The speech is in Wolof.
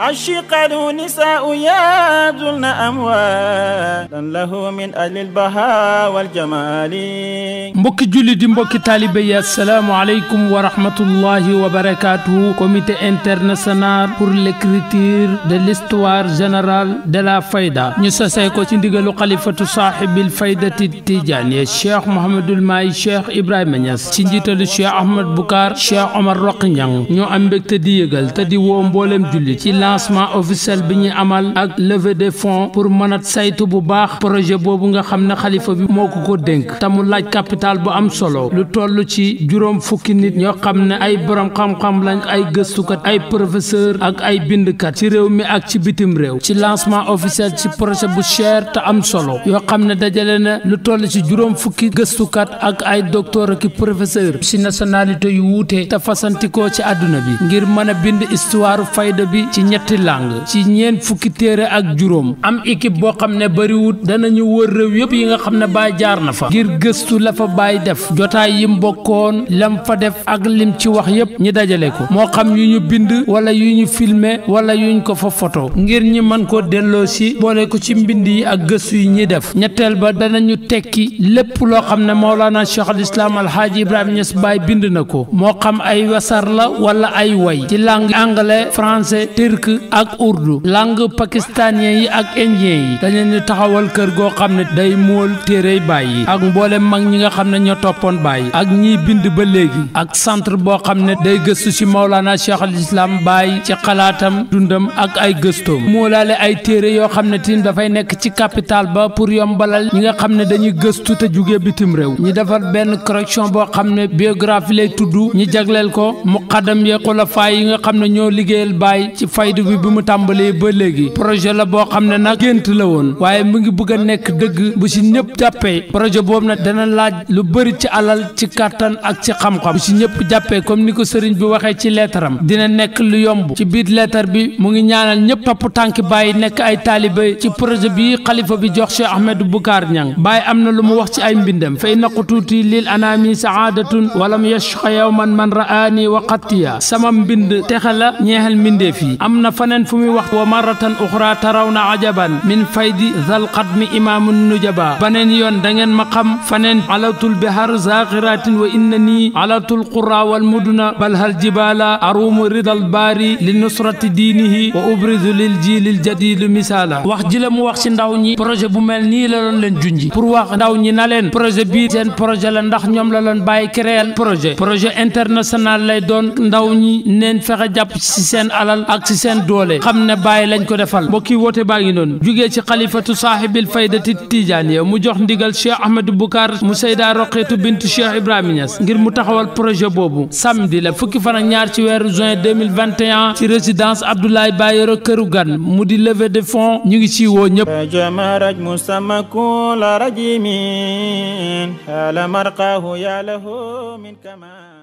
الشقة نساء يبذلن أموالا له من أجل البهاء والجمال mbokki julli di mbokki taalibe yi assalaamu aleykum wa rahmatullahi wa barakatuhu comité international pour l'écriture de l'histoire générale de la fayda ñu sasee ko ci ndigalu xalifatu saaxibil faydati tijaaniya cheikh mohamadul maay cheikh ibrahima Niass ci njiitalu cheikh ahmad bukaar cheikh omar roqi ñang ñoo am mbégte di yëgal te di woo mboolem julli ci lancement officiel bi ñu amal ak levée de fonds pour mën a saytu bu baax projet boobu nga xam ne xalifa bi moo ko ko dénk te mu laaj capital bu am solo lu toll ci juróom fukki nit ñoo xam ne ay borom xam-xam lañ ay gëstukat ay professeur ak ay bindkat ci réew mi ak ci bitim réew ci lancement officiel ci projet bu cher te am solo yoo xam ne dajale na lu toll ci juróom fukki gëstukat ak ay docteur ak professeur ci nationalité yu wuutee te fasantikoo ci àdduna bi ñetti langue ci ñeent fukki téere ak juróom am équipe boo xam ne bariwut danañu wër réew yëpp yi nga xam ne baa jaar na fa ngir gëstu la fa baay def jotaay yim bokkoon lam fa def ak lim ci wax yëpp ñi dajale ko moo xam yu ñu bind wala yu ñu filmer wala yuñ ko fa photo ngir ñi mën ko delloo si boole ko ci mbind yi ak gëstu yi ñi def ñetteel ba ñu tekki lépp loo xam ne Mawlana Cheikh al Islam Alhaaji Ibrahima Niass Baay bind na ko moo xam ay turc ak urdu langue pakistanien yi ak indien yi dañu leen taxawal kër goo xam ne day mool téere baay yi ak mboolem mag ñi nga xam ne ñoo toppoon baay yi ak ñiy bind ba léegi ak centre boo xam ne day gëstu ci Mawlana Cheikh al Islam Baay ci xalaatam dundam ak ay gëstoom moolaale ay téere yoo xam ne tin dafay nekk ci capital ba pour yombalal ñi nga xam ne dañuy gëstu te jugee bitim réew ñi defar benn correction boo xam ne biographie lay tudd ñi jagleel ko muqaddam faydu bi bi mu tàmbalee ba léegi projet la boo xam ne nag gént la woon waaye mu ngi bëgg a nekk dëgg bu si ñëpp jàppee projet boobu nag dana laaj lu bari ci alal ci kàttan ak ci xam-xam bu si ñëpp jàppee comme ni ko sëriñ bi waxee ci leetaram dina nekk lu yomb ci biir leetar bi mu ngi ñaanal ñëpp topp tànk bàyyi nekk ay taalibe ci projet bi xalifa bi jox Cheikh Ahmed Boucar Niang bàyyi am na lu mu wax ci ay mbindam fay naqutuuti lil anaami saadatun walam yashqa yawman man wa qattiya sama mbind texe la ñeexal mbindeef yi am na faneen fu wax wa maratan uxra taraw ajaban min faydi zal qadmi imaamu nujaba baneen yoon da ngeen ma xam faneen alatul bihar zaaxiratin wa inna alatul qura wal muduna bal hal jibala arum ridal bari li nusrati diinihi wa ubridu lil jiilil jadidu misaala wax ji la mu wax ci ndaw ñi projet bu mel nii la doon leen junji pour wax ndaw ñi na leen projet bii seen projet la ndax ñoom la leen bàyyi créer projet projet international lay doon ndaw ñi neen fexe jàpp ci seen alal ak ci seen seen doole xam ne bàyyi lañ ko defal mbokki woote baa ngi noonu jugee ci xalifatu saahibil faydati tijaaniya mu jox ngir mu taxawal projet boobu samedi la fukki fan ñaar ci weeru juin ci résidence abdoulaye bayero këru gan mu di levée de fonds ñu ngi ci woo ñëpp jamaraj musamakula rajimin ala marqahu ya lahu min